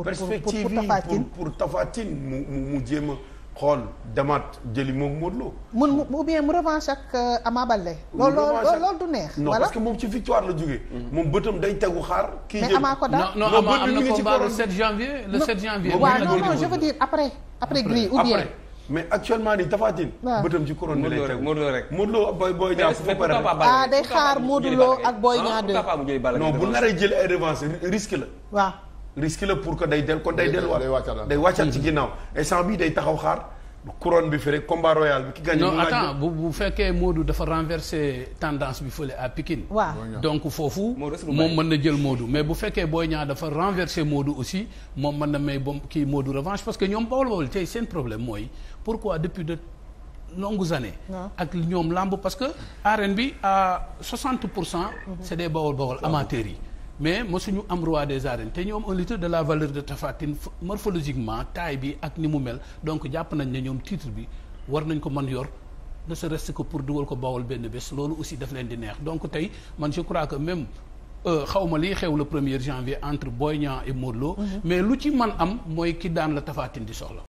pour perspective pour Tafatine mu mu jéem a xool demaat jëli moom Modou Lo. mun mu ou bien mu revanche ak euh, Ama Baldé. loolu loolu du neex. voilà non parce que moom ci victoire la jógee. moom bëtam day tegu xaar. kii jël mais Ama ko daal non non Ama am na combat le 7 janvier le 7 janvier. waaw non non je veux dire après. après gris ou bien mais actuellement nii Tafatine. waaw ci couronne lay tegu Modou Lo rek Modou Lo booy booy ñaar fu ah, day xaar Modou ak booy ñaar deux. non bu naree jël ay revanche risque la waaw. risque la pour que day del kon day delluwaat day wàccaat ci mm-hmm. ginnaaw instant bii day taxaw xaar couronne bi fi rek combat royal bi ki gagné bu bu fekkee Modou dafa renverse tendance bi fële à Pikine waaw donc foofu moom mën na jël Modou mais bu fekkee Boy Niang dafa renverser Modou aussi moom mën na may bom kii Modou revanche parce que ñoom bawol bawol tey seen problème mooy pourquoi depuis de longues années ak ñoom làmb parce que arène bi à 60 pour cent mm-hmm. c'est des bawol bawol amateurs yi mais mosuñu am roi des arènes te ñoom un lutteur de la valeur de Tapha Tine morphologiquement taille bi ak ni mu mel donc jàpp nañ ne ñoom titre bi war nañ ko man yor ne serait ko pour dugal ko bawal benn bés loolu aussi daf leen di neex donc tey man je crois que même euh, xaw ma liy xew la première janvier entre Boy Niang et Lo mhm. mais lu ci man am mooy ki daan la Tapha di soxla